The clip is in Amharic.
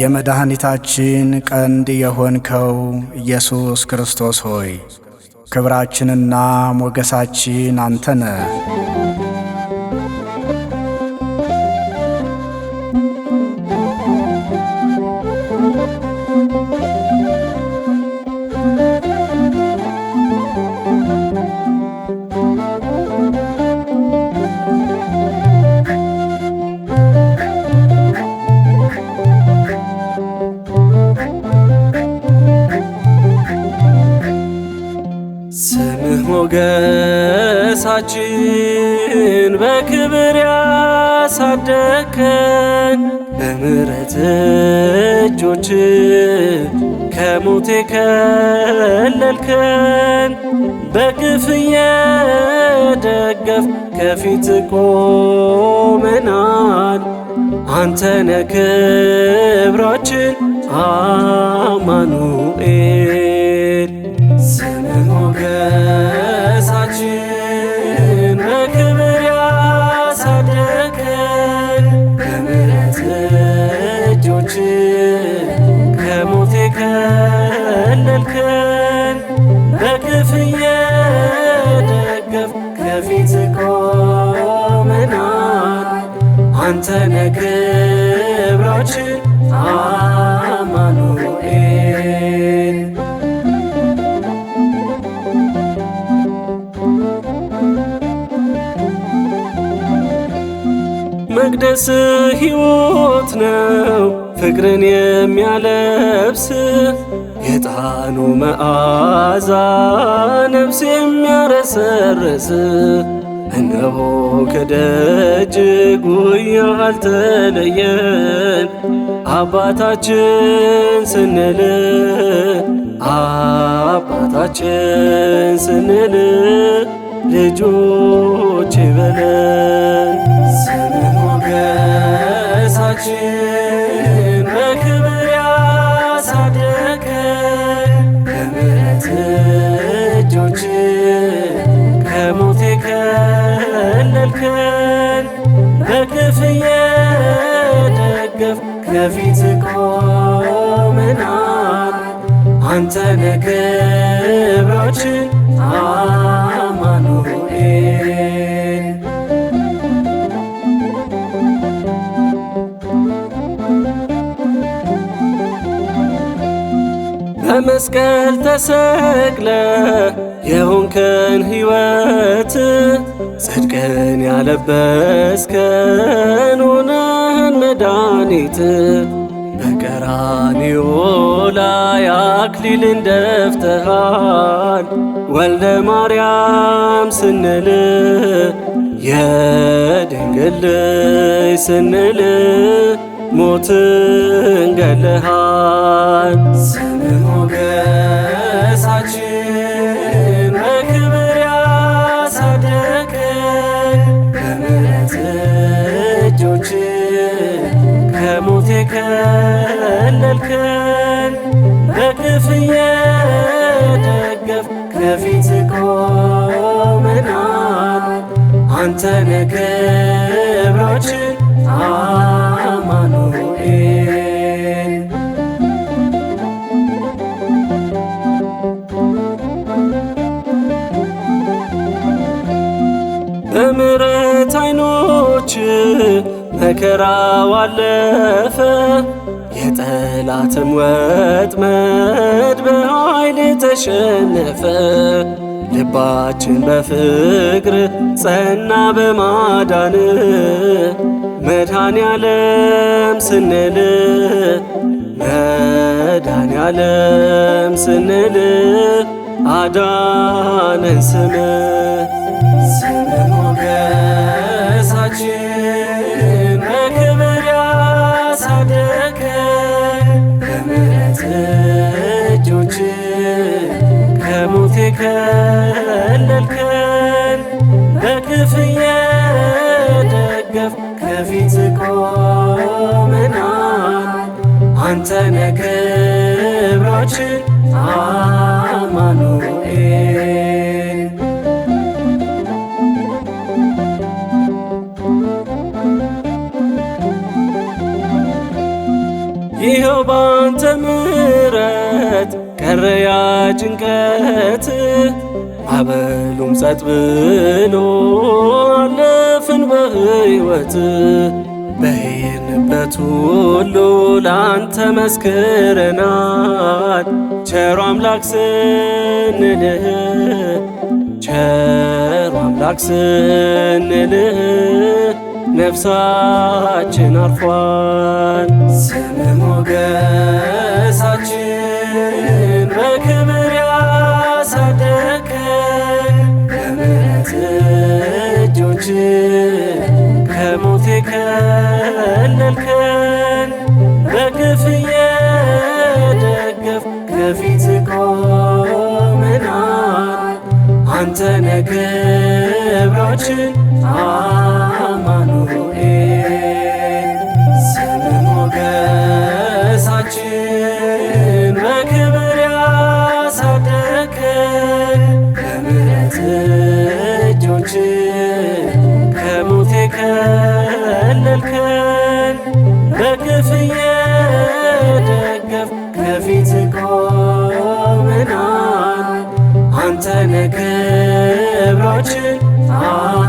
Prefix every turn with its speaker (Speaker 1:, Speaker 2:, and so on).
Speaker 1: የመድኃኒታችን ቀንድ የሆንከው ኢየሱስ ክርስቶስ ሆይ ክብራችንና ሞገሳችን አንተነ ልጆችን በክብር ያሳደከን በምሕረት እጆች ከሞት የከለልከን በግፍ እየደገፍ ከፊት ቆመናል። አንተነ ክብራችን አማኑኤል ከፊት ቆመናል አንተ ነህ ክብራችን አማኑኤል መቅደስ ሕይወት ነው ፍቅርን የሚያለብስ የዕጣኑ መዓዛ ነፍስ የሚያረሰርስ እነሆ ከደጅ ጉያ አልተለየን አባታችን ስንል አባታችን ስንል ልጆች ይበለን ስምን ሞገሳችን መካከል በክፍ የደገፍ ከፊት ቆመናል። አንተ ነህ ክብራችን አማኑኤል። በመስቀል ተሰቅለ የሆንከን ሕይወት ጽድቅን ያለበስከን ሆነህን መድኃኒት በቀራንዮ ላይ አክሊልን ደፍተሃል ወልደ ማርያም ስንል የድንግል ልጅ ስንል ሞትን ገለሃል ስም ሞገሳችን ከለልከን በግፍ የደገፍ ከፊት ቆመናል። አንተ ነህ ክብራችን አማኑኤል። በምረ መከራው አለፈ የጠላትም ወጥመድ በኃይል ተሸነፈ። ልባችን በፍቅር ጸና በማዳን መድኃኔ ዓለም ስንል መድኃኔ ዓለም ስንል አዳነን ስምህ ስምህ ሞገሳችን አንቺን ከሞት የከለልከን በክፍ የደገፍ ከፊት ቆመናል። አንተ ነህ ክብራችን አማኑኤል ይኸው ባንተ ምሕረት ቀረያ ጭንቀት አበሉም ጸጥ ብሎ አለፍን በህይወት በሄንበት ሁሉ ለአንተ መስክረናል። ቸሮ አምላክ ስንልህ ቸሮ አምላክ ስንልህ ነፍሳችን አርፏል ስም ሞገሳችን በክብር ያሳደከኝ ከምሕረት እጆች ከሞቴ ከለልከኝ በግፍ እየደገፍ ከፊት ቆምና አንተነ ክብራችን አማኑኤል አዳንክ ከሞቴ ከለልከን በግፍ እየደገፍ ከፊት ቆምናን አንተነ ክብራችን